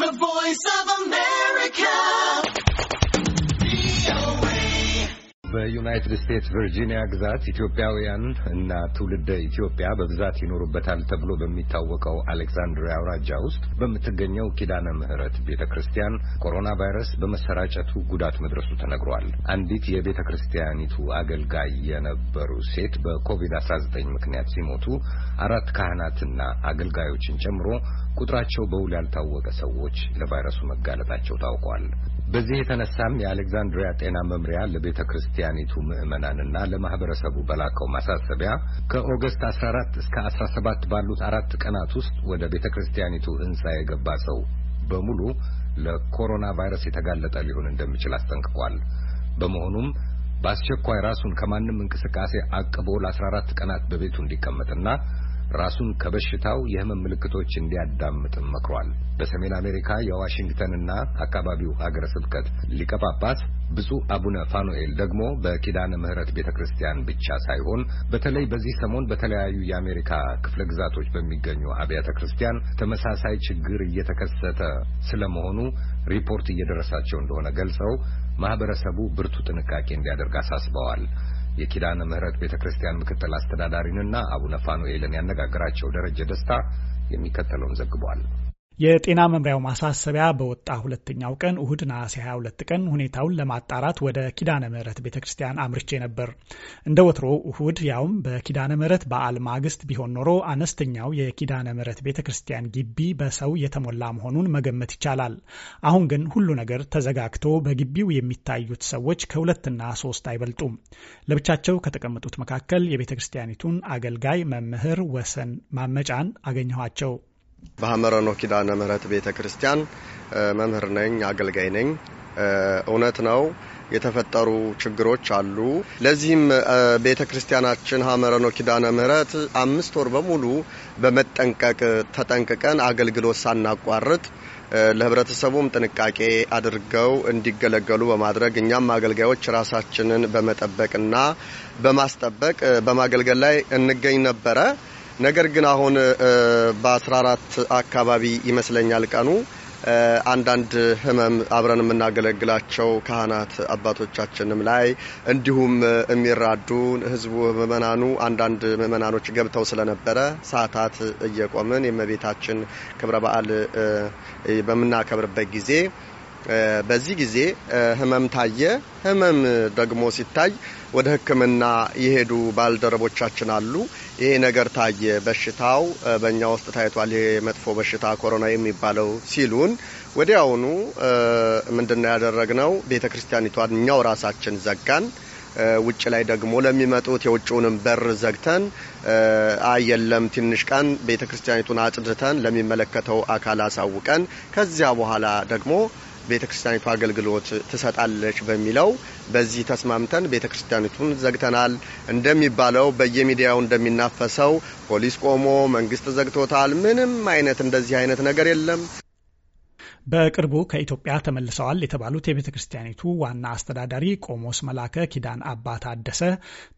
The Voice of America. በዩናይትድ ስቴትስ ቨርጂኒያ ግዛት ኢትዮጵያውያን እና ትውልደ ኢትዮጵያ በብዛት ይኖሩበታል ተብሎ በሚታወቀው አሌክዛንድሪያ አውራጃ ውስጥ በምትገኘው ኪዳነ ምሕረት ቤተ ክርስቲያን ኮሮና ቫይረስ በመሰራጨቱ ጉዳት መድረሱ ተነግሯል። አንዲት የቤተ ክርስቲያኒቱ አገልጋይ የነበሩ ሴት በኮቪድ-19 ምክንያት ሲሞቱ አራት ካህናትና አገልጋዮችን ጨምሮ ቁጥራቸው በውል ያልታወቀ ሰዎች ለቫይረሱ መጋለጣቸው ታውቋል። በዚህ የተነሳም የአሌክዛንድሪያ ጤና መምሪያ ለቤተ ክርስቲያኒቱ ምዕመናንና ለማህበረሰቡ በላከው ማሳሰቢያ ከኦገስት 14 እስከ 17 ባሉት አራት ቀናት ውስጥ ወደ ቤተ ክርስቲያኒቱ ህንፃ የገባ ሰው በሙሉ ለኮሮና ቫይረስ የተጋለጠ ሊሆን እንደሚችል አስጠንቅቋል። በመሆኑም በአስቸኳይ ራሱን ከማንም እንቅስቃሴ አቅቦ ለ14 ቀናት በቤቱ እንዲቀመጥና ራሱን ከበሽታው የህመም ምልክቶች እንዲያዳምጥም መክሯል። በሰሜን አሜሪካ የዋሽንግተንና አካባቢው ሀገረ ስብከት ሊቀ ጳጳስ ብፁዕ አቡነ ፋኑኤል ደግሞ በኪዳነ ምሕረት ቤተ ክርስቲያን ብቻ ሳይሆን በተለይ በዚህ ሰሞን በተለያዩ የአሜሪካ ክፍለ ግዛቶች በሚገኙ አብያተ ክርስቲያን ተመሳሳይ ችግር እየተከሰተ ስለመሆኑ ሪፖርት እየደረሳቸው እንደሆነ ገልጸው ማህበረሰቡ ብርቱ ጥንቃቄ እንዲያደርግ አሳስበዋል። የኪዳነ ምሕረት ቤተ ክርስቲያን ምክትል አስተዳዳሪንና አቡነ ፋኑኤልን ያነጋገራቸው ደረጀ ደስታ የሚከተለውን ዘግቧል። የጤና መምሪያው ማሳሰቢያ በወጣ ሁለተኛው ቀን እሁድ ነሐሴ 22 ቀን ሁኔታውን ለማጣራት ወደ ኪዳነ ምሕረት ቤተ ክርስቲያን አምርቼ ነበር። እንደ ወትሮ እሁድ ያውም በኪዳነ ምሕረት በዓል ማግስት ቢሆን ኖሮ አነስተኛው የኪዳነ ምሕረት ቤተ ክርስቲያን ግቢ በሰው የተሞላ መሆኑን መገመት ይቻላል። አሁን ግን ሁሉ ነገር ተዘጋግቶ በግቢው የሚታዩት ሰዎች ከሁለትና ሶስት አይበልጡም። ለብቻቸው ከተቀመጡት መካከል የቤተ ክርስቲያኒቱን አገልጋይ መምህር ወሰን ማመጫን አገኘኋቸው። በሀመረኖ ኪዳነ ምህረት ቤተ ክርስቲያን መምህር ነኝ፣ አገልጋይ ነኝ። እውነት ነው የተፈጠሩ ችግሮች አሉ። ለዚህም ቤተ ክርስቲያናችን ሀመረኖ ኪዳነ ምህረት አምስት ወር በሙሉ በመጠንቀቅ ተጠንቅቀን አገልግሎት ሳናቋርጥ ለህብረተሰቡም ጥንቃቄ አድርገው እንዲገለገሉ በማድረግ እኛም አገልጋዮች ራሳችንን በመጠበቅና በማስጠበቅ በማገልገል ላይ እንገኝ ነበረ። ነገር ግን አሁን በአስራ 14 አካባቢ ይመስለኛል ቀኑ አንዳንድ ህመም አብረን የምናገለግላቸው ካህናት አባቶቻችንም ላይ እንዲሁም የሚራዱ ህዝቡ ምእመናኑ አንዳንድ ምእመናኖች ገብተው ስለነበረ ሰዓታት እየቆምን የመቤታችን ክብረ በዓል በምናከብርበት ጊዜ በዚህ ጊዜ ህመም ታየ። ህመም ደግሞ ሲታይ ወደ ሕክምና የሄዱ ባልደረቦቻችን አሉ። ይሄ ነገር ታየ፣ በሽታው በእኛ ውስጥ ታይቷል፣ ይሄ መጥፎ በሽታ ኮሮና የሚባለው ሲሉን ወዲያውኑ ምንድነው ያደረግነው? ቤተ ክርስቲያኒቷን እኛው ራሳችን ዘጋን። ውጭ ላይ ደግሞ ለሚመጡት የውጭውንም በር ዘግተን አየለም ትንሽ ቀን ቤተ ክርስቲያኒቱን አጽድተን ለሚመለከተው አካል አሳውቀን ከዚያ በኋላ ደግሞ ቤተ ክርስቲያኒቱ አገልግሎት ትሰጣለች በሚለው በዚህ ተስማምተን ቤተ ክርስቲያኒቱን ዘግተናል። እንደሚባለው በየሚዲያው እንደሚናፈሰው ፖሊስ ቆሞ መንግስት ዘግቶታል። ምንም አይነት እንደዚህ አይነት ነገር የለም። በቅርቡ ከኢትዮጵያ ተመልሰዋል የተባሉት የቤተ ክርስቲያኒቱ ዋና አስተዳዳሪ ቆሞስ መላከ ኪዳን አባ ታደሰ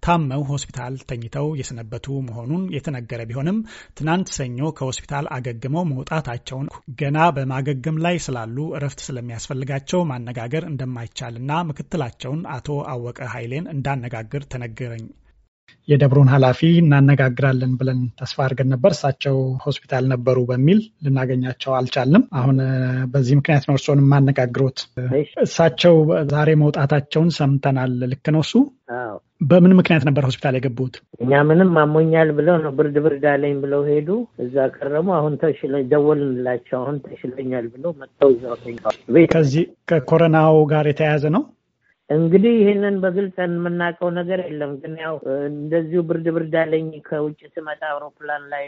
ታመው ሆስፒታል ተኝተው የሰነበቱ መሆኑን የተነገረ ቢሆንም ትናንት ሰኞ ከሆስፒታል አገግመው መውጣታቸውን ገና በማገገም ላይ ስላሉ እረፍት ስለሚያስፈልጋቸው ማነጋገር እንደማይቻልና ምክትላቸውን አቶ አወቀ ኃይሌን እንዳነጋግር ተነገረኝ። የደብሩን ኃላፊ እናነጋግራለን ብለን ተስፋ አድርገን ነበር። እሳቸው ሆስፒታል ነበሩ በሚል ልናገኛቸው አልቻልንም። አሁን በዚህ ምክንያት ነው እርስዎን የማነጋግሮት። እሳቸው ዛሬ መውጣታቸውን ሰምተናል። ልክ ነው እሱ በምን ምክንያት ነበር ሆስፒታል የገቡት? እኛ ምንም አሞኛል ብለው ነው ብርድ ብርድ አለኝ ብለው ሄዱ። እዛ ቀረሙ። አሁን ተሽለኝ ደወልንላቸው። አሁን ተሽለኛል ብለው መጥተው እዛው ተኝተዋል። ከዚህ ከኮረናው ጋር የተያያዘ ነው እንግዲህ ይህንን በግልጽ የምናውቀው ነገር የለም። ግን ያው እንደዚሁ ብርድ ብርድ አለኝ ከውጭ ስመጣ አውሮፕላን ላይ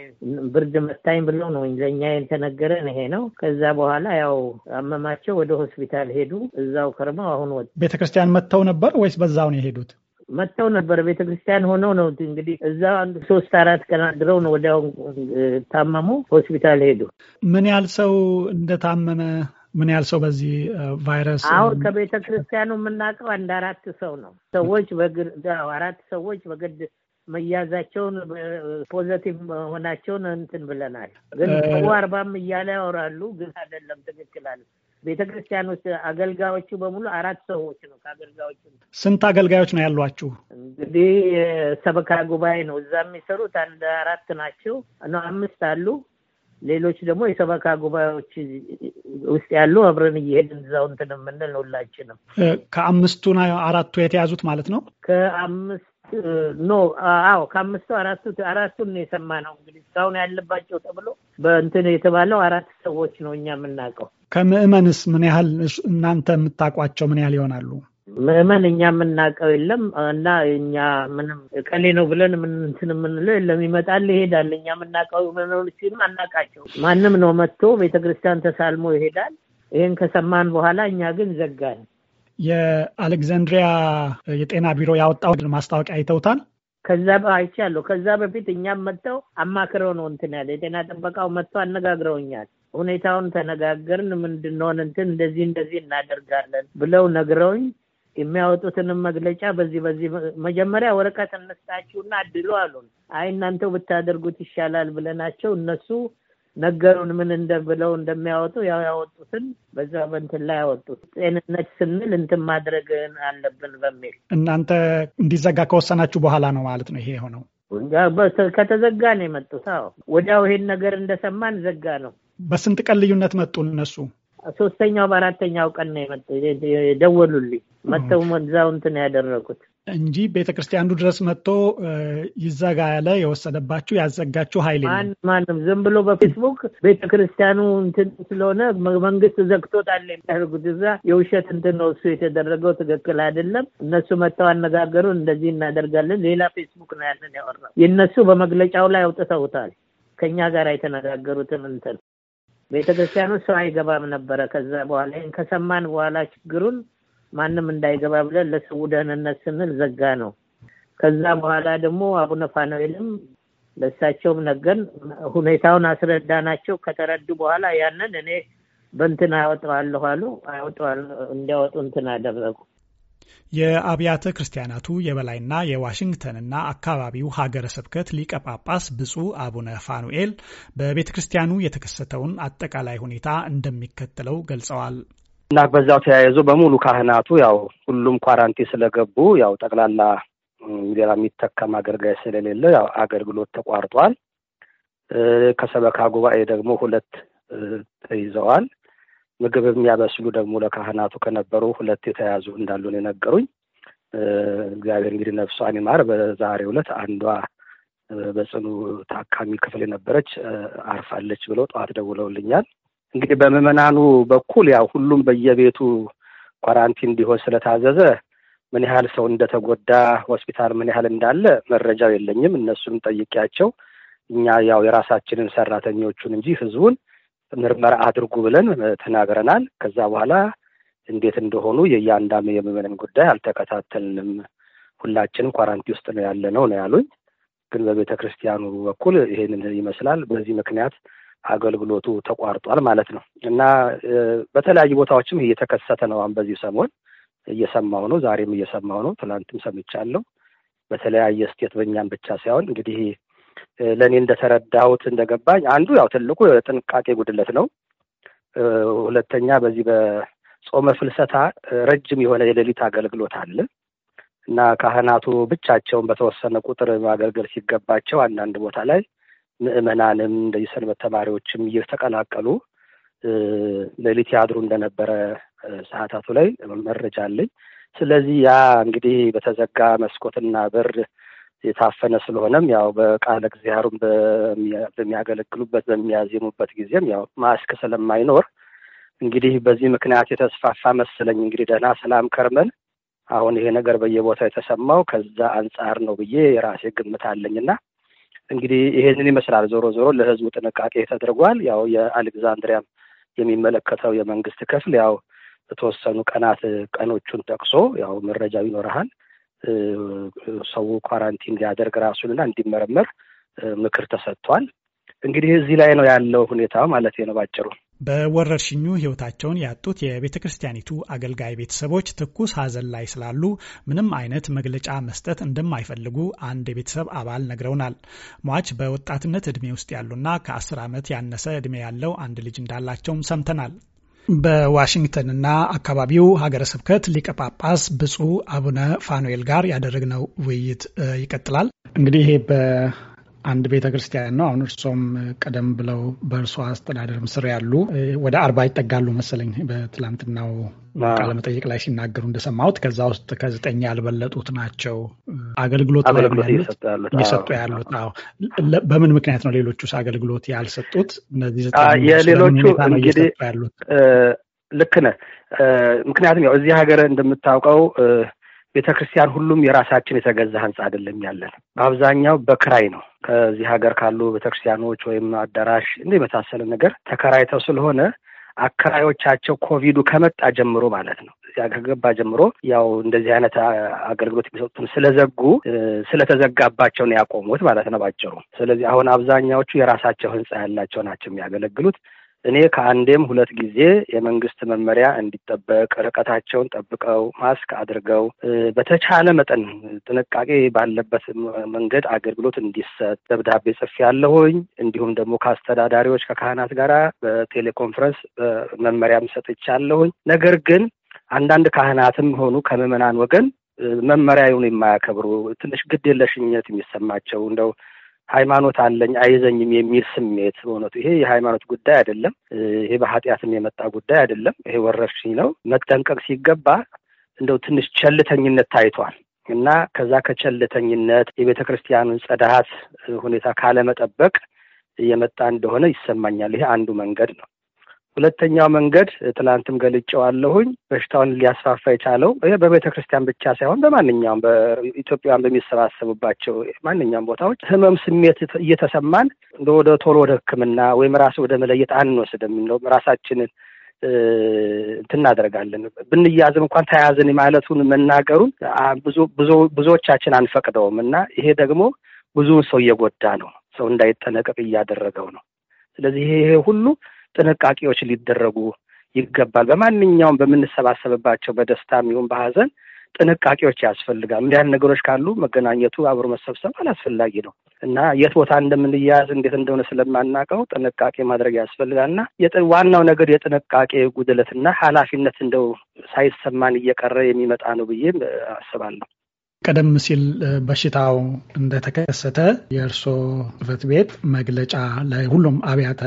ብርድ መታኝ ብለው ነው ለእኛ የተነገረን ይሄ ነው። ከዛ በኋላ ያው አመማቸው፣ ወደ ሆስፒታል ሄዱ። እዛው ከርመው አሁን ወ ቤተ ክርስቲያን መጥተው ነበር ወይስ በዛው ነው የሄዱት? መጥተው ነበር ቤተ ክርስቲያን ሆነው ነው እንግዲህ እዛ አንድ ሶስት አራት ቀን አድረው ነው ወዲያው ታመሙ፣ ሆስፒታል ሄዱ። ምን ያህል ሰው እንደታመመ ምን ያህል ሰው በዚህ ቫይረስ? አሁን ከቤተ ክርስቲያኑ የምናውቀው አንድ አራት ሰው ነው። ሰዎች አራት ሰዎች በግድ መያዛቸውን ፖዘቲቭ መሆናቸውን እንትን ብለናል። ግን ሰው አርባም እያለ ያወራሉ። ግን አይደለም ትክክል አለ። ቤተ ክርስቲያን ውስጥ አገልጋዮቹ በሙሉ አራት ሰዎች ነው። ከአገልጋዮቹ ስንት አገልጋዮች ነው ያሏችሁ? እንግዲህ ሰበካ ጉባኤ ነው እዛ የሚሰሩት አንድ አራት ናቸው ነው አምስት አሉ ሌሎች ደግሞ የሰበካ ጉባኤዎች ውስጥ ያሉ አብረን እየሄድን እዛው እንትን የምንል ሁላችንም ከአምስቱ አራቱ የተያዙት ማለት ነው። ከአምስት ኖ አዎ፣ ከአምስቱ አራቱ አራቱን የሰማ ነው እንግዲህ እስካሁን ያለባቸው ተብሎ በእንትን የተባለው አራት ሰዎች ነው እኛ የምናውቀው። ከምዕመንስ ምን ያህል እናንተ የምታውቋቸው ምን ያህል ይሆናሉ? ምዕመን እኛ የምናውቀው የለም እና እኛ ምንም እቀሌ ነው ብለን ምንትን የምንለው የለም። ይመጣል ይሄዳል። እኛ የምናውቀው ሲሉም አናውቃቸው። ማንም ነው መጥቶ ቤተክርስቲያን ተሳልሞ ይሄዳል። ይህን ከሰማን በኋላ እኛ ግን ዘጋን። የአሌክዛንድሪያ የጤና ቢሮ ያወጣው ማስታወቂያ አይተውታል። ከዛ አይቻለሁ። ከዛ በፊት እኛም መጥተው አማክረው ነው እንትን ያለ የጤና ጥበቃው መጥቶ አነጋግረውኛል። ሁኔታውን ተነጋገርን። ምንድንሆን እንትን እንደዚህ እንደዚህ እናደርጋለን ብለው ነግረውኝ የሚያወጡትንም መግለጫ በዚህ በዚህ መጀመሪያ ወረቀት እንስጣችሁና አድሉ አሉን። አይ እናንተው ብታደርጉት ይሻላል ብለናቸው እነሱ ነገሩን ምን እንደብለው እንደሚያወጡ ያው ያወጡትን በዛ በንትን ላይ ያወጡት ጤንነት ስንል እንትን ማድረግ አለብን በሚል እናንተ እንዲዘጋ ከወሰናችሁ በኋላ ነው ማለት ነው ይሄ የሆነው። ከተዘጋ ነው የመጡት። ወዲያው ይሄን ነገር እንደሰማን ዘጋ ነው። በስንት ቀን ልዩነት መጡ እነሱ? ሶስተኛው በአራተኛው ቀን ነው የደወሉልኝ። መጥተው እዛው እንትን ያደረጉት እንጂ ቤተ ክርስቲያኑ ድረስ መጥቶ ይዘጋ ያለ የወሰደባችሁ ያዘጋችሁ ኃይል ማንም ዝም ብሎ በፌስቡክ ቤተ ክርስቲያኑ እንትን ስለሆነ መንግስት ዘግቶታል የሚያደርጉት እዛ የውሸት እንትን ነው እሱ የተደረገው ትክክል አይደለም። እነሱ መጥተው አነጋገሩ እንደዚህ እናደርጋለን። ሌላ ፌስቡክ ነው ያንን ያወራው። የእነሱ በመግለጫው ላይ አውጥተውታል። ከእኛ ጋር የተነጋገሩትን እንትን ቤተ ክርስቲያኑ ሰው አይገባም ነበረ። ከዛ በኋላ ይህን ከሰማን በኋላ ችግሩን ማንም እንዳይገባ ብለን ለሰው ደህንነት ስንል ዘጋ ነው። ከዛ በኋላ ደግሞ አቡነ ፋኖኤልም ለእሳቸውም ነገን ሁኔታውን አስረዳናቸው። ከተረዱ በኋላ ያንን እኔ በእንትን አወጣዋለሁ አሉ። አወጣዋለሁ እንዲያወጡ እንትን አደረጉ። የአብያተ ክርስቲያናቱ የበላይና የዋሽንግተንና አካባቢው ሀገረ ስብከት ሊቀ ጳጳስ ብፁዕ አቡነ ፋኑኤል በቤተ ክርስቲያኑ የተከሰተውን አጠቃላይ ሁኔታ እንደሚከተለው ገልጸዋል። እና በዛው ተያይዞ በሙሉ ካህናቱ ያው ሁሉም ኳራንቲ ስለገቡ ያው ጠቅላላ ሌላ የሚተከም አገልጋይ ስለሌለ ያው አገልግሎት ተቋርጧል። ከሰበካ ጉባኤ ደግሞ ሁለት ተይዘዋል። ምግብ የሚያበስሉ ደግሞ ለካህናቱ ከነበሩ ሁለት የተያዙ እንዳሉ ነው የነገሩኝ። እግዚአብሔር እንግዲህ ነፍሷን ይማር። በዛሬው ዕለት አንዷ በጽኑ ታካሚ ክፍል የነበረች አርፋለች ብለው ጠዋት ደውለውልኛል። እንግዲህ በምዕመናኑ በኩል ያው ሁሉም በየቤቱ ኳራንቲን እንዲሆን ስለታዘዘ ምን ያህል ሰው እንደተጎዳ ሆስፒታል ምን ያህል እንዳለ መረጃው የለኝም። እነሱንም ጠይቄያቸው እኛ ያው የራሳችንን ሰራተኞቹን እንጂ ህዝቡን ምርመራ አድርጉ ብለን ተናግረናል። ከዛ በኋላ እንዴት እንደሆኑ የእያንዳንዱ የምዕመንን ጉዳይ አልተከታተልንም፣ ሁላችንም ኳራንቲ ውስጥ ነው ያለ ነው ነው ያሉኝ። ግን በቤተ ክርስቲያኑ በኩል ይሄንን ይመስላል። በዚህ ምክንያት አገልግሎቱ ተቋርጧል ማለት ነው እና በተለያዩ ቦታዎችም እየተከሰተ ነው። አሁን በዚህ ሰሞን እየሰማሁ ነው፣ ዛሬም እየሰማሁ ነው፣ ትላንትም ሰምቻለሁ። በተለያየ ስቴት በእኛም ብቻ ሳይሆን እንግዲህ ለእኔ እንደተረዳሁት እንደገባኝ አንዱ ያው ትልቁ የጥንቃቄ ጉድለት ነው። ሁለተኛ በዚህ በጾመ ፍልሰታ ረጅም የሆነ የሌሊት አገልግሎት አለ እና ካህናቱ ብቻቸውን በተወሰነ ቁጥር ማገልገል ሲገባቸው አንዳንድ ቦታ ላይ ምዕመናንም እንደዚህ ሰንበት ተማሪዎችም እየተቀላቀሉ ሌሊት ያድሩ እንደነበረ ሰዓታቱ ላይ መረጃ አለኝ። ስለዚህ ያ እንግዲህ በተዘጋ መስኮትና በር የታፈነ ስለሆነም ያው በቃለ እግዚአብሔሩን በሚያገለግሉበት በሚያዜሙበት ጊዜም ያው ማስክ ስለማይኖር እንግዲህ በዚህ ምክንያት የተስፋፋ መሰለኝ። እንግዲህ ደህና ሰላም ከርመን አሁን ይሄ ነገር በየቦታው የተሰማው ከዛ አንጻር ነው ብዬ የራሴ ግምት አለኝና እንግዲህ ይሄንን ይመስላል። ዞሮ ዞሮ ለህዝቡ ጥንቃቄ ተደርጓል። ያው የአሌክዛንድሪያም የሚመለከተው የመንግስት ክፍል ያው የተወሰኑ ቀናት ቀኖቹን ጠቅሶ ያው መረጃው ይኖረሃል ሰው ኳራንቲን እንዲያደርግ ራሱንና እንዲመረመር ምክር ተሰጥቷል። እንግዲህ እዚህ ላይ ነው ያለው ሁኔታ ማለት ነው ባጭሩ። በወረርሽኙ ሕይወታቸውን ያጡት የቤተ ክርስቲያኒቱ አገልጋይ ቤተሰቦች ትኩስ ሐዘን ላይ ስላሉ ምንም አይነት መግለጫ መስጠት እንደማይፈልጉ አንድ የቤተሰብ አባል ነግረውናል። ሟች በወጣትነት እድሜ ውስጥ ያሉና ከአስር ዓመት ያነሰ እድሜ ያለው አንድ ልጅ እንዳላቸውም ሰምተናል። በዋሽንግተንና አካባቢው ሀገረ ስብከት ሊቀ ጳጳስ ብፁዕ አቡነ ፋኑኤል ጋር ያደረግነው ውይይት uh, ይቀጥላል። እንግዲህ ይሄ አንድ ቤተ ክርስቲያን ነው። አሁን እርሶም ቀደም ብለው በእርሶ አስተዳደር ስር ያሉ ወደ አርባ ይጠጋሉ መሰለኝ በትላንትናው መጠይቅ ላይ ሲናገሩ እንደሰማሁት ከዛ ውስጥ ከዘጠኝ ያልበለጡት ናቸው አገልግሎት እየሰጡ ያሉት። በምን ምክንያት ነው ሌሎቹስ አገልግሎት ያልሰጡት? እነዚህ የሌሎቹ እንግዲህ ልክ ነህ። ምክንያቱም ያው እዚህ ሀገር እንደምታውቀው ቤተ ክርስቲያን ሁሉም የራሳችን የተገዛ ህንጻ አይደለም ያለን። በአብዛኛው በክራይ ነው ከዚህ ሀገር ካሉ ቤተክርስቲያኖች ወይም አዳራሽ እንደ የመሳሰለ ነገር ተከራይተው ስለሆነ አከራዮቻቸው ኮቪዱ ከመጣ ጀምሮ ማለት ነው እዚያ ከገባ ጀምሮ ያው እንደዚህ አይነት አገልግሎት የሚሰጡትን ስለዘጉ ስለተዘጋባቸው ነው ያቆሙት ማለት ነው ባጭሩ። ስለዚህ አሁን አብዛኛዎቹ የራሳቸው ህንፃ ያላቸው ናቸው የሚያገለግሉት። እኔ ከአንዴም ሁለት ጊዜ የመንግስት መመሪያ እንዲጠበቅ ርቀታቸውን ጠብቀው ማስክ አድርገው በተቻለ መጠን ጥንቃቄ ባለበት መንገድ አገልግሎት እንዲሰጥ ደብዳቤ ያለሁኝ እንዲሁም ደግሞ ከአስተዳዳሪዎች ከካህናት ጋራ በቴሌኮንፈረንስ መመሪያም ያለሁኝ። ነገር ግን አንዳንድ ካህናትም ሆኑ ከምዕመናን ወገን መመሪያውን የማያከብሩ ትንሽ ግድ የለሽነት የሚሰማቸው እንደው ሃይማኖት አለኝ አይዘኝም የሚል ስሜት በእውነቱ ይሄ የሃይማኖት ጉዳይ አይደለም። ይሄ በኃጢአትም የመጣ ጉዳይ አይደለም። ይሄ ወረርሽኝ ነው። መጠንቀቅ ሲገባ እንደው ትንሽ ቸልተኝነት ታይቷል እና ከዛ ከቸልተኝነት የቤተ ክርስቲያኑን ጸዳሃት ሁኔታ ካለመጠበቅ እየመጣ እንደሆነ ይሰማኛል። ይሄ አንዱ መንገድ ነው። ሁለተኛው መንገድ ትላንትም ገልጬዋለሁኝ በሽታውን ሊያስፋፋ የቻለው በቤተ ክርስቲያን ብቻ ሳይሆን በማንኛውም ኢትዮጵያውያን በሚሰባሰቡባቸው ማንኛውም ቦታዎች ህመም ስሜት እየተሰማን ወደ ቶሎ ወደ ሕክምና ወይም ራስ ወደ መለየት አንወስድም። እንደውም ራሳችንን እናደርጋለን ብንያዝም እንኳን ተያያዝን ማለቱን መናገሩን ብዙዎቻችን አንፈቅደውም እና ይሄ ደግሞ ብዙውን ሰው እየጎዳ ነው። ሰው እንዳይጠነቀቅ እያደረገው ነው። ስለዚህ ይሄ ሁሉ ጥንቃቄዎች ሊደረጉ ይገባል። በማንኛውም በምንሰባሰብባቸው በደስታም ይሁን በሀዘን ጥንቃቄዎች ያስፈልጋል። እንዲያን ነገሮች ካሉ መገናኘቱ አብሮ መሰብሰብ አላስፈላጊ ነው እና የት ቦታ እንደምንያያዝ እንዴት እንደሆነ ስለማናውቀው ጥንቃቄ ማድረግ ያስፈልጋል እና ዋናው ነገር የጥንቃቄ ጉድለትና ኃላፊነት እንደው ሳይሰማን እየቀረ የሚመጣ ነው ብዬ አስባለሁ። ቀደም ሲል በሽታው እንደተከሰተ የእርሶ ጽሕፈት ቤት መግለጫ ላይ ሁሉም አብያተ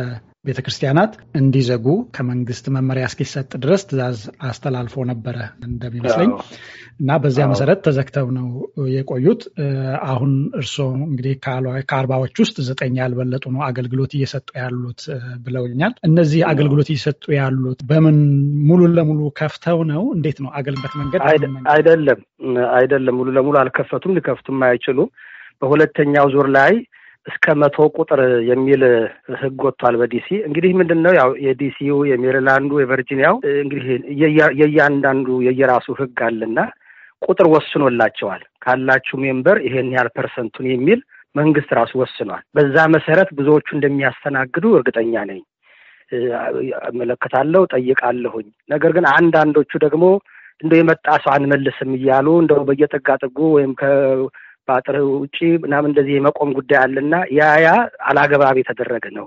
ቤተ ክርስቲያናት እንዲዘጉ ከመንግስት መመሪያ እስኪሰጥ ድረስ ትዛዝ አስተላልፎ ነበረ እንደሚመስለኝ እና በዚያ መሰረት ተዘግተው ነው የቆዩት። አሁን እርስዎ እንግዲህ ከአርባዎች ውስጥ ዘጠኝ ያልበለጡ ነው አገልግሎት እየሰጡ ያሉት ብለውኛል። እነዚህ አገልግሎት እየሰጡ ያሉት በምን ሙሉ ለሙሉ ከፍተው ነው? እንዴት ነው አገልግሎት መንገድ? አይደለም አይደለም፣ ሙሉ ለሙሉ አልከፈቱም፣ ሊከፍቱም አይችሉም። በሁለተኛው ዙር ላይ እስከ መቶ ቁጥር የሚል ህግ ወጥቷል በዲሲ እንግዲህ ምንድን ነው ያው የዲሲው የሜሪላንዱ የቨርጂኒያው እንግዲህ የእያንዳንዱ የየራሱ ህግ አለና ቁጥር ወስኖላቸዋል ካላችሁ ሜምበር ይሄን ያህል ፐርሰንቱን የሚል መንግስት ራሱ ወስኗል። በዛ መሰረት ብዙዎቹ እንደሚያስተናግዱ እርግጠኛ ነኝ። እመለከታለሁ፣ ጠይቃለሁኝ። ነገር ግን አንዳንዶቹ ደግሞ እንደ የመጣ ሰው አንመልስም እያሉ እንደው በየጥጋጥጉ ወይም በአጥር ውጪ ምናምን እንደዚህ የመቆም ጉዳይ አለና ያ ያ አላግባብ የተደረገ ነው።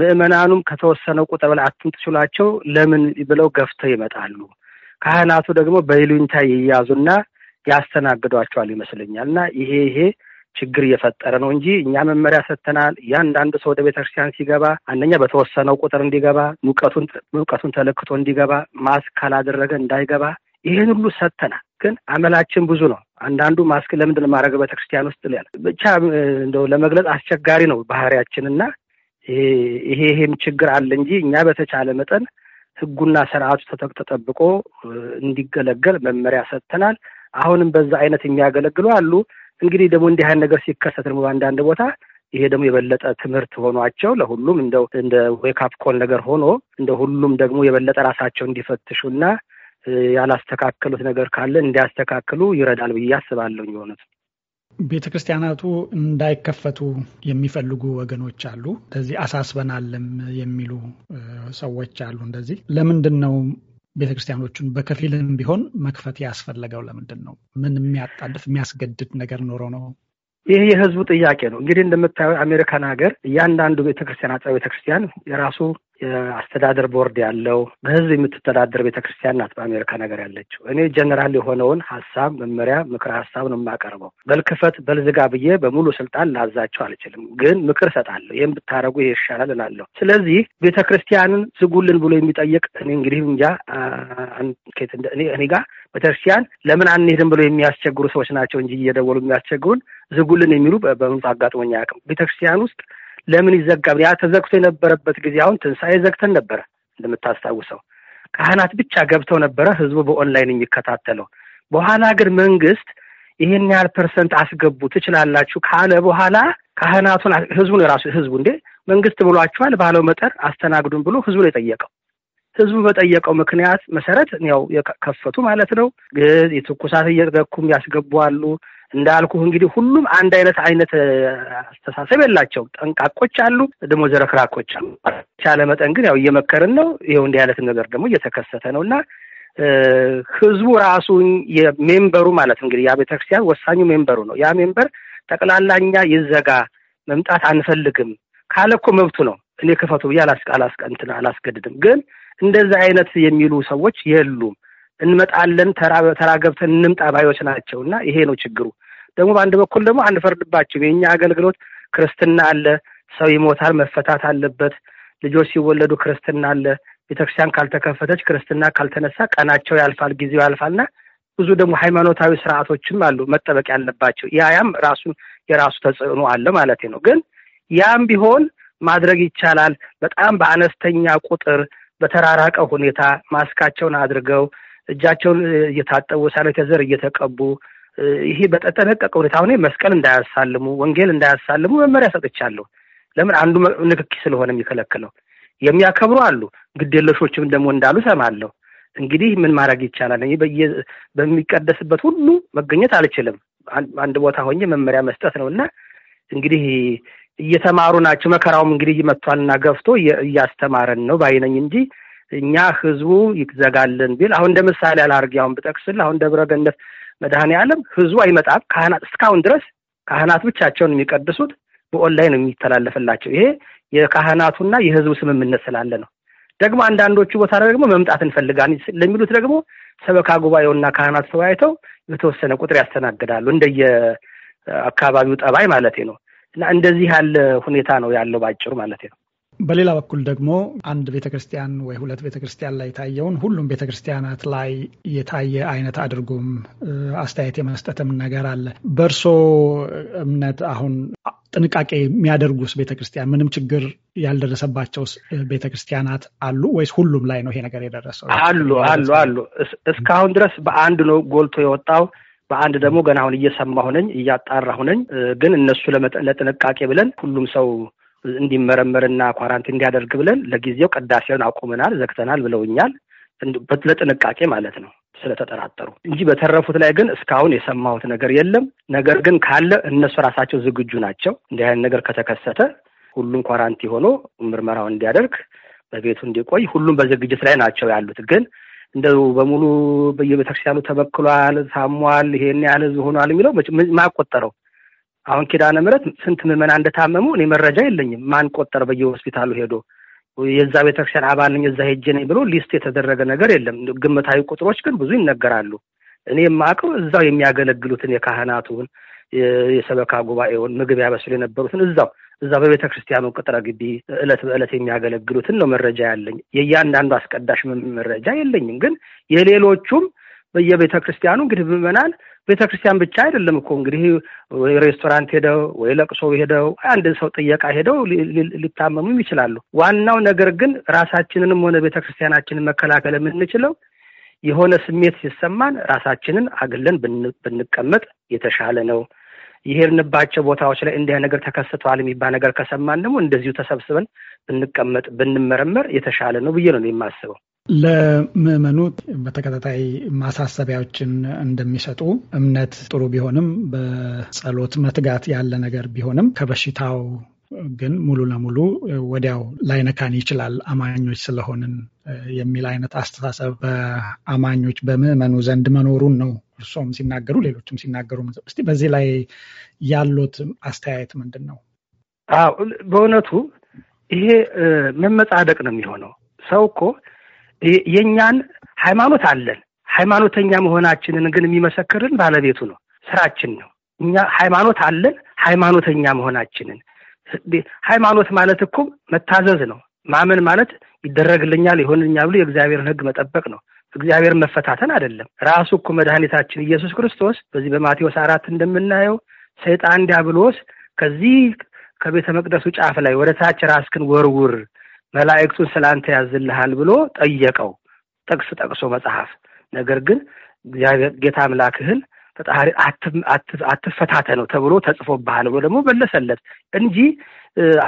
ምዕመናኑም ከተወሰነው ቁጥር በላይ አትምጡ ሲሏቸው ለምን ብለው ገፍተው ይመጣሉ። ካህናቱ ደግሞ በይሉኝታ ይያዙና ያስተናግዷቸዋል ይመስለኛል። እና ይሄ ይሄ ችግር እየፈጠረ ነው እንጂ እኛ መመሪያ ሰጥተናል። ያንዳንዱ ሰው ወደ ቤተክርስቲያን ሲገባ አንደኛ በተወሰነው ቁጥር እንዲገባ፣ ሙቀቱን ሙቀቱን ተለክቶ እንዲገባ፣ ማስክ ካላደረገ እንዳይገባ፣ ይህን ሁሉ ሰጥተናል። ግን አመላችን ብዙ ነው። አንዳንዱ ማስክ ለምንድን ነው ማድረግ ቤተክርስቲያን ውስጥ ያለ ብቻ እንደው ለመግለጽ አስቸጋሪ ነው ባህሪያችንና ይሄ ይሄም ችግር አለ እንጂ እኛ በተቻለ መጠን ህጉና ስርዓቱ ተጠብቆ እንዲገለገል መመሪያ ሰጥተናል። አሁንም በዛ አይነት የሚያገለግሉ አሉ። እንግዲህ ደግሞ እንዲህ አይነት ነገር ሲከሰት ደግሞ በአንዳንድ ቦታ ይሄ ደግሞ የበለጠ ትምህርት ሆኗቸው ለሁሉም እንደ እንደ ዌክ አፕ ኮል ነገር ሆኖ እንደ ሁሉም ደግሞ የበለጠ ራሳቸው እንዲፈትሹና ያላስተካከሉት ነገር ካለ እንዲያስተካክሉ ይረዳል ብዬ አስባለሁ። የሆኑት ቤተ ክርስቲያናቱ እንዳይከፈቱ የሚፈልጉ ወገኖች አሉ። እንደዚህ አሳስበናልም የሚሉ ሰዎች አሉ። እንደዚህ ለምንድን ነው ቤተ ክርስቲያኖቹን በከፊልም ቢሆን መክፈት ያስፈለገው? ለምንድን ነው? ምን የሚያጣድፍ የሚያስገድድ ነገር ኖሮ ነው? ይህ የህዝቡ ጥያቄ ነው። እንግዲህ እንደምታየው አሜሪካን ሀገር እያንዳንዱ ቤተክርስቲያን አጻ ቤተክርስቲያን የራሱ የአስተዳደር ቦርድ ያለው በህዝብ የምትተዳደር ቤተክርስቲያን ናት በአሜሪካ ነገር ያለችው። እኔ ጀነራል የሆነውን ሀሳብ፣ መመሪያ፣ ምክር ሀሳብ ነው የማቀርበው። በልክፈት በልዝጋ ብዬ በሙሉ ስልጣን ላዛቸው አልችልም፣ ግን ምክር እሰጣለሁ። ይህም ብታደረጉ ይሄ ይሻላል እላለሁ። ስለዚህ ቤተክርስቲያንን ዝጉልን ብሎ የሚጠይቅ እኔ እንግዲህ እንጃ እኔ ጋር ቤተክርስቲያን ለምን አንሄድም ብሎ የሚያስቸግሩ ሰዎች ናቸው እንጂ እየደወሉ የሚያስቸግሩን ዝጉልን የሚሉ በምጽ አጋጥሞኛ ያቅም ቤተክርስቲያን ውስጥ ለምን ይዘጋ ያ ተዘግቶ የነበረበት ጊዜ አሁን ትንሣኤ ዘግተን ነበረ እንደምታስታውሰው ካህናት ብቻ ገብተው ነበረ ህዝቡ በኦንላይን የሚከታተለው። በኋላ ግን መንግስት ይህን ያህል ፐርሰንት አስገቡ ትችላላችሁ ካለ በኋላ ካህናቱን ህዝቡን የራሱ ህዝቡ እንዴ መንግስት ብሏችኋል ባለው መጠን አስተናግዱን ብሎ ህዝቡን የጠየቀው ህዝቡ በጠየቀው ምክንያት መሰረት ያው የከፈቱ ማለት ነው። ግን የትኩሳት እየገኩም ያስገቡ አሉ። እንዳልኩህ እንግዲህ ሁሉም አንድ አይነት አይነት አስተሳሰብ የላቸው። ጠንቃቆች አሉ፣ ደግሞ ዘረክራኮች አሉ። ቻለ መጠን ግን ያው እየመከርን ነው። ይኸው እንዲህ አይነት ነገር ደግሞ እየተከሰተ ነው እና ህዝቡ ራሱ የሜምበሩ ማለት እንግዲህ ያ ቤተክርስቲያን ወሳኙ ሜምበሩ ነው። ያ ሜምበር ጠቅላላኛ ይዘጋ መምጣት አንፈልግም ካለ እኮ መብቱ ነው። እኔ ክፈቱ ብዬ አላስቀ አላስቀ እንትን አላስገድድም። ግን እንደዚህ አይነት የሚሉ ሰዎች የሉም። እንመጣለን ተራ በተራ ገብተን እንምጣ ባዮች ናቸው እና ይሄ ነው ችግሩ። ደግሞ በአንድ በኩል ደግሞ አንፈርድባቸው። የእኛ አገልግሎት ክርስትና አለ፣ ሰው ይሞታል፣ መፈታት አለበት። ልጆች ሲወለዱ ክርስትና አለ። ቤተክርስቲያን ካልተከፈተች፣ ክርስትና ካልተነሳ ቀናቸው ያልፋል፣ ጊዜው ያልፋልና ብዙ ደግሞ ሃይማኖታዊ ስርዓቶችም አሉ መጠበቅ ያለባቸው። ያም ራሱን የራሱ ተጽዕኖ አለ ማለት ነው። ግን ያም ቢሆን ማድረግ ይቻላል። በጣም በአነስተኛ ቁጥር በተራራቀ ሁኔታ ማስካቸውን አድርገው እጃቸውን እየታጠቡ ሳኒታይዘር እየተቀቡ ይሄ በተጠነቀቀ ሁኔታ አሁን መስቀል እንዳያሳልሙ፣ ወንጌል እንዳያሳልሙ መመሪያ ሰጥቻለሁ። ለምን አንዱ ንክኪ ስለሆነ የሚከለክለው የሚያከብሩ አሉ። ግዴለሾችም ደግሞ እንዳሉ ሰማለሁ። እንግዲህ ምን ማድረግ ይቻላል? በሚቀደስበት ሁሉ መገኘት አልችልም። አንድ ቦታ ሆኜ መመሪያ መስጠት ነው እና እንግዲህ እየተማሩ ናቸው። መከራውም እንግዲህ መጥቷልና ገፍቶ እያስተማረን ነው ባይነኝ እንጂ እኛ ህዝቡ ይዘጋለን ቢል አሁን እንደ ምሳሌ አላርግ ያሁን ብጠቅስል አሁን ደብረ ገነት መድኃኔ ዓለም ህዝቡ አይመጣም። ካህናት እስካሁን ድረስ ካህናት ብቻቸውን የሚቀድሱት በኦንላይን የሚተላለፍላቸው ይሄ የካህናቱና የህዝቡ ስምምነት ስላለ ነው። ደግሞ አንዳንዶቹ ቦታ ደግሞ መምጣት እንፈልጋለን ለሚሉት ደግሞ ሰበካ ጉባኤውና ካህናት ተወያይተው የተወሰነ ቁጥር ያስተናግዳሉ እንደየ አካባቢው ጠባይ ማለት ነው። እና እንደዚህ ያለ ሁኔታ ነው ያለው ባጭሩ ማለት ነው። በሌላ በኩል ደግሞ አንድ ቤተክርስቲያን ወይ ሁለት ቤተክርስቲያን ላይ የታየውን ሁሉም ቤተክርስቲያናት ላይ የታየ አይነት አድርጎም አስተያየት የመስጠትም ነገር አለ። በእርሶ እምነት አሁን ጥንቃቄ የሚያደርጉስ ቤተክርስቲያን ምንም ችግር ያልደረሰባቸው ቤተክርስቲያናት አሉ ወይስ ሁሉም ላይ ነው ይሄ ነገር የደረሰው? አሉ አሉ አሉ። እስካሁን ድረስ በአንድ ነው ጎልቶ የወጣው። በአንድ ደግሞ ገና አሁን እየሰማሁ ነኝ፣ እያጣራሁ ነኝ። ግን እነሱ ለጥንቃቄ ብለን ሁሉም ሰው እንዲመረመርና ኳራንቲ እንዲያደርግ ብለን ለጊዜው ቅዳሴውን አቁመናል፣ ዘግተናል ብለውኛል። ለጥንቃቄ ማለት ነው ስለተጠራጠሩ እንጂ በተረፉት ላይ ግን እስካሁን የሰማሁት ነገር የለም። ነገር ግን ካለ እነሱ ራሳቸው ዝግጁ ናቸው። እንዲህ አይነት ነገር ከተከሰተ ሁሉም ኳራንቲ ሆኖ ምርመራውን እንዲያደርግ በቤቱ እንዲቆይ ሁሉም በዝግጅት ላይ ናቸው ያሉት። ግን እንደው በሙሉ በየቤተክርስቲያኑ ተበክሏል፣ ታሟል፣ ይሄን ያህል ህዝብ ሆኗል የሚለው ማቆጠረው አሁን ኪዳነ ምረት ስንት ምዕመና እንደታመሙ እኔ መረጃ የለኝም። ማን ቆጠር በየሆስፒታሉ ሄዶ የዛ ቤተክርስቲያን አባል ነኝ እዛ ሄጄ ነኝ ብሎ ሊስት የተደረገ ነገር የለም። ግምታዊ ቁጥሮች ግን ብዙ ይነገራሉ። እኔ የማውቀው እዛው የሚያገለግሉትን የካህናቱን፣ የሰበካ ጉባኤውን ምግብ ያበስሉ የነበሩትን እዛው እዛ በቤተክርስቲያኑ ቅጥረ ግቢ እለት በእለት የሚያገለግሉትን ነው መረጃ ያለኝ። የእያንዳንዱ አስቀዳሽ መረጃ የለኝም። ግን የሌሎቹም በየቤተ ክርስቲያኑ እንግዲህ ምዕመናን ቤተ ክርስቲያን ብቻ አይደለም እኮ እንግዲህ ወይ ሬስቶራንት ሄደው ወይ ለቅሶ ሄደው አንድ ሰው ጥየቃ ሄደው ሊታመሙም ይችላሉ። ዋናው ነገር ግን ራሳችንንም ሆነ ቤተ ክርስቲያናችንን መከላከል የምንችለው የሆነ ስሜት ሲሰማን ራሳችንን አግለን ብንቀመጥ የተሻለ ነው። የሄድንባቸው ቦታዎች ላይ እንዲህ ነገር ተከስተዋል የሚባል ነገር ከሰማን ደግሞ እንደዚሁ ተሰብስበን ብንቀመጥ ብንመረመር የተሻለ ነው ብዬ ነው የማስበው። ለምዕመኑ በተከታታይ ማሳሰቢያዎችን እንደሚሰጡ እምነት ጥሩ ቢሆንም በጸሎት መትጋት ያለ ነገር ቢሆንም ከበሽታው ግን ሙሉ ለሙሉ ወዲያው ላይነካን ይችላል አማኞች ስለሆንን የሚል አይነት አስተሳሰብ በአማኞች በምዕመኑ ዘንድ መኖሩን ነው እርሶም ሲናገሩ ሌሎችም ሲናገሩ። እስቲ በዚህ ላይ ያሉት አስተያየት ምንድን ነው? በእውነቱ ይሄ መመጻደቅ ነው የሚሆነው ሰው እኮ የእኛን ሃይማኖት አለን። ሃይማኖተኛ መሆናችንን ግን የሚመሰክርን ባለቤቱ ነው፣ ስራችን ነው። እኛ ሃይማኖት አለን፣ ሃይማኖተኛ መሆናችንን። ሃይማኖት ማለት እኮ መታዘዝ ነው። ማመን ማለት ይደረግልኛል፣ ይሆንልኛል ብሎ የእግዚአብሔርን ሕግ መጠበቅ ነው። እግዚአብሔርን መፈታተን አይደለም። ራሱ እኮ መድኃኒታችን ኢየሱስ ክርስቶስ በዚህ በማቴዎስ አራት እንደምናየው ሰይጣን ዲያብሎስ ከዚህ ከቤተ መቅደሱ ጫፍ ላይ ወደ ታች ራስክን ወርውር መላእክቱን ስላንተ ያዝልሃል ብሎ ጠየቀው ጥቅስ ጠቅሶ መጽሐፍ። ነገር ግን እግዚአብሔር ጌታ አምላክህን ፈጣሪ አትፈታተ ነው ተብሎ ተጽፎብሃል ብሎ ደግሞ መለሰለት እንጂ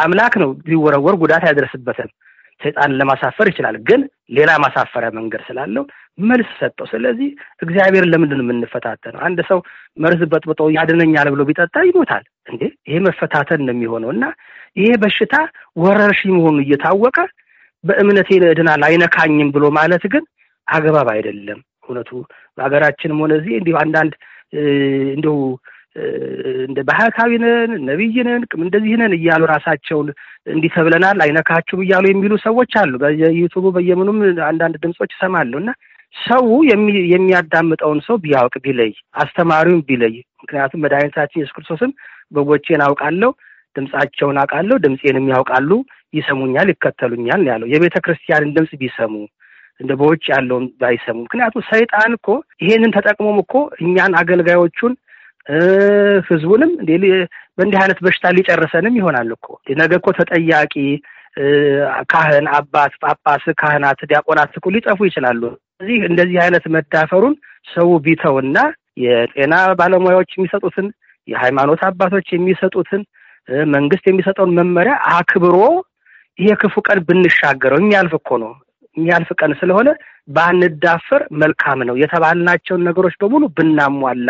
አምላክ ነው፣ ቢወረወር ጉዳት አያደርስበትም። ሰይጣንን ለማሳፈር ይችላል፣ ግን ሌላ ማሳፈሪያ መንገድ ስላለው መልስ ሰጠው። ስለዚህ እግዚአብሔርን ለምንድን ነው የምንፈታተነው? አንድ ሰው መርዝ በጥብጦ ያድነኛል ብሎ ቢጠጣ ይሞታል። እንዴ ይሄ መፈታተን ነው የሚሆነው። እና ይሄ በሽታ ወረርሽኝ መሆኑ እየታወቀ በእምነቴ እድናለሁ አይነካኝም ብሎ ማለት ግን አግባብ አይደለም። እውነቱ በሀገራችንም ሆነ እዚህ እንዲሁ አንዳንድ እንዲሁ እንደ ባህታዊ ነን ነቢይ ነን እንደዚህ ነን እያሉ ራሳቸውን እንዲህ ተብለናል አይነካችሁም እያሉ የሚሉ ሰዎች አሉ። በዩቱቡ በየምኑም አንዳንድ ድምፆች ይሰማሉ። እና ሰው የሚያዳምጠውን ሰው ቢያውቅ ቢለይ፣ አስተማሪውም ቢለይ። ምክንያቱም መድኃኒታችን ኢየሱስ ክርስቶስም በጎቼን አውቃለሁ፣ ድምፃቸውን አውቃለሁ፣ ድምፄንም ያውቃሉ፣ ይሰሙኛል፣ ይከተሉኛል ያለው የቤተ ክርስቲያንን ድምፅ ቢሰሙ እንደ በውጭ ያለውን ባይሰሙ። ምክንያቱም ሰይጣን እኮ ይሄንን ተጠቅሞም እኮ እኛን አገልጋዮቹን ህዝቡንም በእንዲህ አይነት በሽታ ሊጨርሰንም ይሆናል እኮ ነገ እኮ ተጠያቂ ካህን፣ አባት፣ ጳጳስ፣ ካህናት፣ ዲያቆናት እኮ ሊጠፉ ይችላሉ። እዚህ እንደዚህ አይነት መዳፈሩን ሰው ቢተውና የጤና ባለሙያዎች የሚሰጡትን የሃይማኖት አባቶች የሚሰጡትን መንግስት የሚሰጠውን መመሪያ አክብሮ ይሄ ክፉ ቀን ብንሻገረው የሚያልፍ እኮ ነው የሚያልፍ ቀን ስለሆነ ባንዳፈር መልካም ነው የተባልናቸውን ነገሮች በሙሉ ብናሟላ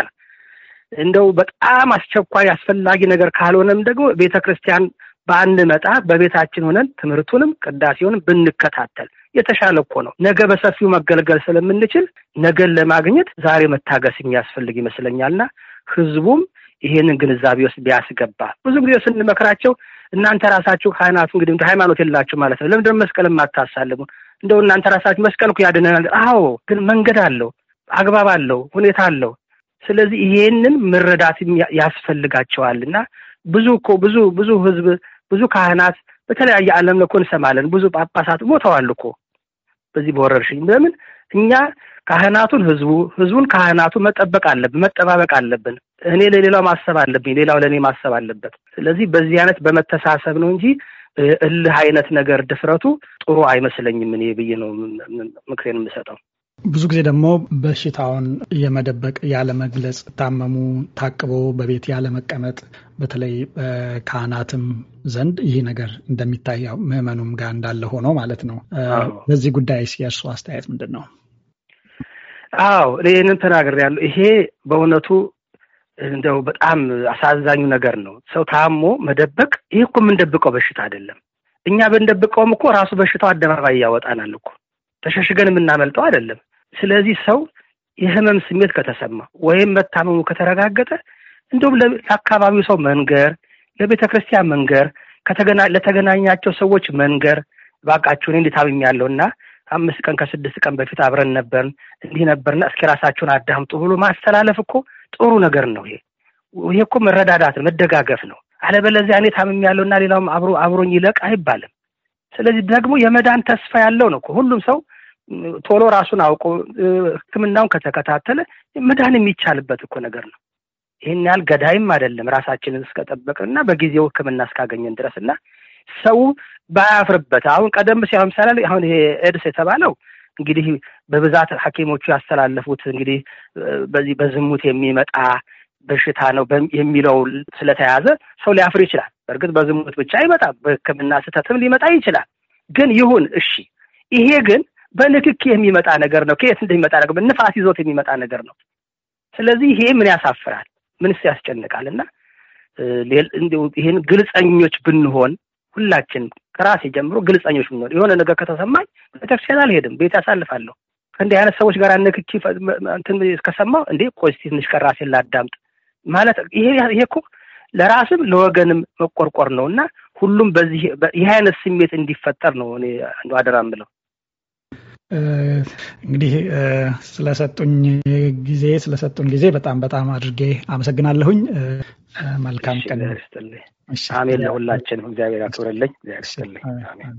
እንደው በጣም አስቸኳይ አስፈላጊ ነገር ካልሆነም ደግሞ ቤተ ክርስቲያን ባንመጣ በቤታችን ሆነን ትምህርቱንም ቅዳሴውንም ብንከታተል የተሻለ እኮ ነው። ነገ በሰፊው መገልገል ስለምንችል ነገን ለማግኘት ዛሬ መታገስ የሚያስፈልግ ይመስለኛልና ህዝቡም ይሄንን ግንዛቤ ውስጥ ቢያስገባ ብዙ ጊዜ ስንመክራቸው እናንተ ራሳችሁ ካህናቱ እንግዲህ ሃይማኖት የላችሁ ማለት ነው። ለምንድነው መስቀል የማታሳልሙ? እንደው እናንተ ራሳችሁ መስቀል እኮ ያድነናል። አዎ፣ ግን መንገድ አለው፣ አግባብ አለው፣ ሁኔታ አለው። ስለዚህ ይሄንን መረዳት ያስፈልጋቸዋል። እና ብዙ እኮ ብዙ ብዙ ህዝብ ብዙ ካህናት በተለያየ ዓለም እኮ እንሰማለን። ብዙ ጳጳሳት ሞተዋል እኮ በዚህ በወረርሽኝ። ለምን እኛ ካህናቱን ህዝቡ ህዝቡን ካህናቱ መጠበቅ አለብን፣ መጠባበቅ አለብን። እኔ ለሌላው ማሰብ አለብኝ፣ ሌላው ለእኔ ማሰብ አለበት። ስለዚህ በዚህ አይነት በመተሳሰብ ነው እንጂ እልህ አይነት ነገር ድፍረቱ ጥሩ አይመስለኝም እኔ ብዬ ነው ምክሬን የምሰጠው። ብዙ ጊዜ ደግሞ በሽታውን የመደበቅ ያለመግለጽ፣ ታመሙ ታቅቦ በቤት ያለመቀመጥ፣ በተለይ ካህናትም ዘንድ ይህ ነገር እንደሚታየው ምዕመኑም ጋር እንዳለ ሆኖ ማለት ነው። በዚህ ጉዳይ የእርሱ አስተያየት ምንድን ነው? አዎ ይህንን ተናግሬያለሁ። ይሄ በእውነቱ እንደው በጣም አሳዛኙ ነገር ነው። ሰው ታሞ መደበቅ። ይህ እኮ የምንደብቀው በሽታ አይደለም። እኛ ብንደብቀውም እኮ ራሱ በሽታው አደባባይ እያወጣናል እኮ ተሸሽገን የምናመልጠው አይደለም። ስለዚህ ሰው የህመም ስሜት ከተሰማ ወይም መታመሙ ከተረጋገጠ እንደውም ለአካባቢው ሰው መንገር፣ ለቤተ ክርስቲያን መንገር፣ ለተገናኛቸው ሰዎች መንገር። እባካችሁ እኔ እንዲህ ታምሜያለሁ እና አምስት ቀን ከስድስት ቀን በፊት አብረን ነበርን እንዲህ ነበርና እስኪ ራሳችሁን አዳምጡ ብሎ ማስተላለፍ እኮ ጥሩ ነገር ነው። ይሄ ይሄ እኮ መረዳዳት ነው፣ መደጋገፍ ነው። አለበለዚያ እኔ ታምም ያለውና ሌላውም አብሮ አብሮኝ ይለቅ አይባልም። ስለዚህ ደግሞ የመዳን ተስፋ ያለው ነው። ሁሉም ሰው ቶሎ ራሱን አውቆ ሕክምናውን ከተከታተለ መዳን የሚቻልበት እኮ ነገር ነው። ይህን ያህል ገዳይም አይደለም። ራሳችንን እስከጠበቅን እና በጊዜው ሕክምና እስካገኘን ድረስ እና ሰው ባያፍርበት አሁን ቀደም ሲል ምሳሌ አሁን ይሄ ኤድስ የተባለው እንግዲህ በብዛት ሐኪሞቹ ያስተላለፉት እንግዲህ በዚህ በዝሙት የሚመጣ በሽታ ነው የሚለው ስለተያዘ ሰው ሊያፍር ይችላል። በእርግጥ በዝሙት ብቻ አይመጣም፣ በሕክምና ስህተትም ሊመጣ ይችላል። ግን ይሁን እሺ፣ ይሄ ግን በንክኪ የሚመጣ ነገር ነው። ከየት እንደሚመጣ ነገር ንፋስ ይዞት የሚመጣ ነገር ነው። ስለዚህ ይሄ ምን ያሳፍራል? ምንስ ያስጨንቃል? እና ይህን ግልጸኞች ብንሆን ሁላችን ከራሴ ጀምሮ ግልጸኞች ምንሆን የሆነ ነገር ከተሰማኝ ቤተክርስቲያን አልሄድም፣ ቤት ያሳልፋለሁ። እንዲህ አይነት ሰዎች ጋር ንክኪ ከሰማው እንዴ ቆይ ትንሽ ቀን ራሴን ላዳምጥ ማለት ይሄ ይሄ እኮ ለራስም ለወገንም መቆርቆር ነው እና ሁሉም በዚህ ይህ አይነት ስሜት እንዲፈጠር ነው እኔ አደራ ምለው። እንግዲህ ስለሰጡኝ ጊዜ ስለሰጡን ጊዜ በጣም በጣም አድርጌ አመሰግናለሁኝ። መልካም ቀን። አሜን። ለሁላችንም እግዚአብሔር አክብርልኝ። እግዚአብሔር ይስጥልኝ። አሜን።